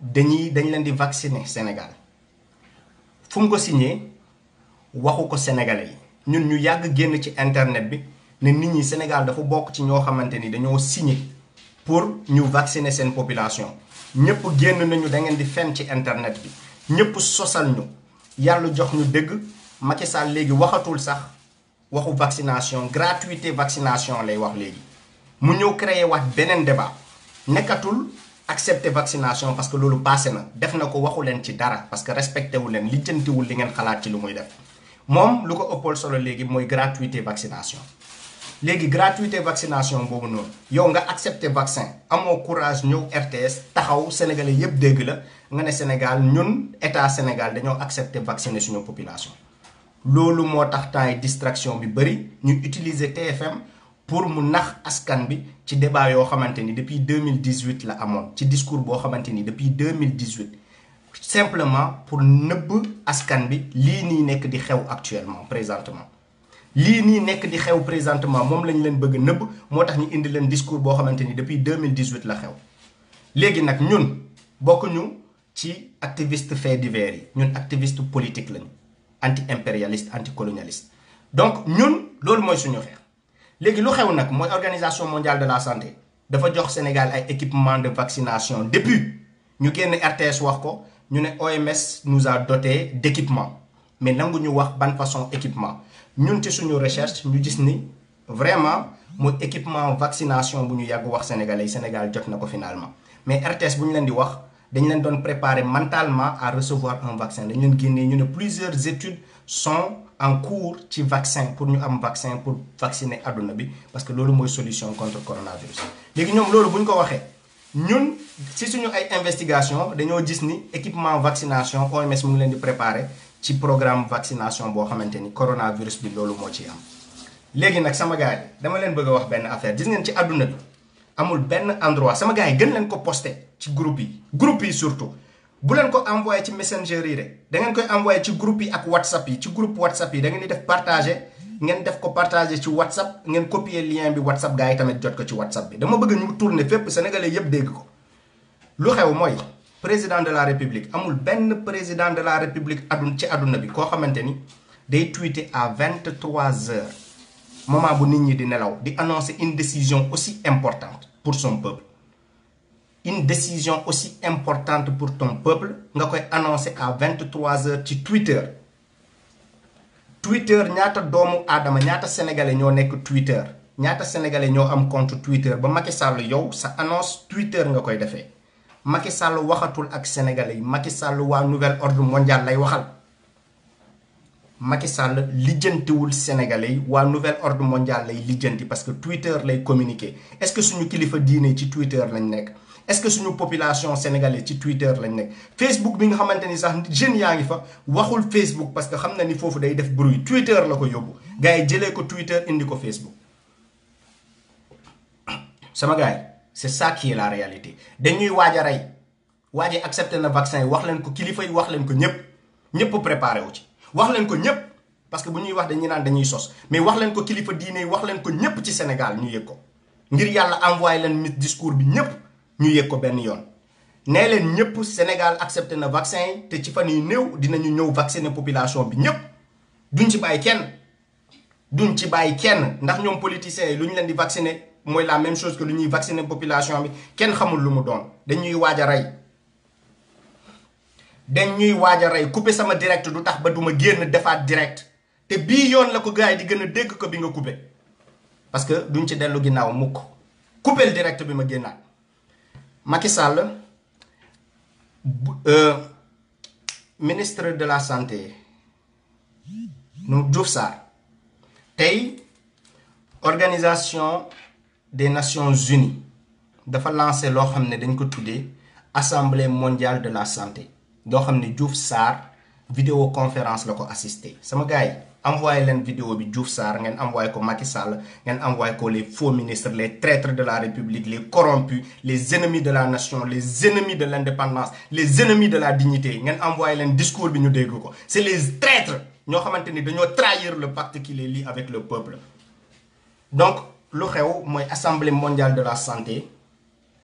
dañuy dañ leen di vacciner Sénégal fu mu ko signé waxu ko sénégalais yi ñun ñu yàgg génn ci internet bi ne nit ñi Sénégal dafa bokk ci ñoo xamante ni dañoo signé pour ñu vacciner seen population ñëpp génn nañu da ngeen di fenn ci internet bi ñëpp sosal ñu yàlla jox ñu dëgg Macky Sall léegi waxatul sax waxu vaccination gratuité vaccination lay wax léegi mu ñëw créer waat beneen débat nekkatul. accepter vaccination parce que lolu passé na def na waxu ci dara parce que respecté wu leen lijjantiwul li ngeen xalaat ci lu moy def mom lu ko ëppal solo legui moy gratuité vaccination legui gratuité vaccination bobu noonu yow nga accepter vaccin Amo courage ñëw RTS taxaw sénégalais yëpp dégg la nga né Sénégal ñun état Sénégal dañoo accepter vacciner suñu population lolu mo tax distraction bi bari ñu utiliser TFM pour mu nax askan bi ci débat yo xamanteni depuis 2018 la amone ci discours bo xamanteni depuis 2018 simplement pour neub askan bi li ni nek di xew actuellement présentement li ni nek di xew présentement mom lañ leen bëgg neub motax ñi indi leen discours bo xamanteni depuis 2018 la xew légui nak ñun ñu ci activiste fait divers yi ñun activiste politique lañ anti impérialiste anti colonialiste donc ñun lool moy suñu léegi lu xew nag mooy organisation mondiale de la santé dafa jox Sénégal ay équipement de vaccination depuis ñu génn RTS wax ko ñu ne OMS nous a doté d'équipement. mais nangu ñu wax ban façon équipement ñun ci suñu recherche ñu gis ni vraiment mooy équipement vaccination bu ñu yàgg wax sénégalais le Sénégal jot na finalement mais RTS nous ñu leen di wax préparer mentalement à recevoir un vaccin Nous leen plusieurs études sont en cours ci vaccin pour ñu am vaccin pour vacciner aduna bi parce que lolu moy solution contre coronavirus léegi ñom lolu buñ ko waxé ñun ci suñu ay investigation dañoo gis ni équipement vaccination OMS mu ngi leen di préparer ci programme vaccination bo xamanteni coronavirus bi lolu mo ci am léegi nak sama gaay yi dama leen bëgg wax ben affaire gis ngeen ci aduna bi amul ben endroit sama gaay gën leen ko poster ci groupe yi groupe yi surtout bu leen ko envoyer ci messenger yi rek da ngeen koy envoyer ci groupe yi ak whatsapp yi ci groupe whatsapp yi da ngeen def partager ngeen def ko partager ci whatsapp ngeen copier lien bi whatsapp gaay yi tamit jot ko ci whatsapp bi dama bëgg ñu tourner fep sénégalais yëpp dégg ko lu xew moy président de la république amul benn président de la république adun ci aduna bi ko xamanteni day tweeter à 23h moment bu nit ñi di nelaw di annoncer une décision aussi importante pour son peuple une décision aussi importante pour ton peuple nga koy annoncer à 23h ci Twitter Twitter ñaata doomu adama ñaata sénégalais ñoo nek Twitter ñaata sénégalais ñoo am compte Twitter ba Macky Sall yow sa annonce Twitter nga koy défé. Macky Sall waxatul ak sénégalais yi Macky Sall wa Nouvelle ordre mondial lay waxal Macky Sall lijjantiwul sénégalais wa Nouvelle ordre mondial lay lijjanti parce que Twitter lay communiquer est-ce que suñu kilifa diiné ci Twitter lañ nek? est-ce que suñu population sénégalais ci Twitter lañ nek Facebook bi nga xamanteni sax jeune yaangi fa waxul Facebook parce que xamna ni fofu day def bruit Twitter la ko yóbbu gaay jele ko Twitter indi ko Facebook sama gaay c'est ça qui est la réalité dañuy waaj a rey waaj na vaccin wax leen ko kilifa yi wax leen ko ñep ñep préparé wu ci wax leen ko ñep parce que bu ñuy wax dañuy naan dañuy sos mais wax leen ko kilifa diiné wax leen ko ñep ci Sénégal ñu yëg ko ngir yalla envoyer leen mit discours bi ñep ñu yëg ko benn yoon nee leen ñëpp Sénégal accepté na vaccin yi te ci fan yu néew dinañu ñëw vacciner population bi ñëpp duñ ci bàyyi kenn duñ ci bàyyi kenn ndax ñoom politiciens yi lu ñu leen di vacciner mooy la même chose que lu ñuy vacciner population bi kenn xamul lu mu doon dañuy waaj a rey dañuy waaj a rey couper sama direct du tax ba du ma génn defaat direct te bii yoon la ko gars yi di gën a dégg ko bi nga couper parce que duñ ci dellu ginnaaw mukk couper direct bi ma génnaat. Macky euh, ministre de la santé nous Diouf ça. organisation des nations unies dafa lancé loo xam assemblée mondiale de la santé donc xam Diouf vidéoconférence la assistée. assisté sama gars Envoyez une vidéo de Diouf Sar. Envoyez-le Macky Sall les faux ministres les traîtres de la République les corrompus les ennemis de la nation les ennemis de l'indépendance les ennemis de la dignité Envoyez-le un discours de ñu c'est les traîtres qui ont trahir le pacte qui les lie avec le peuple donc le xew assemblée mondiale de la santé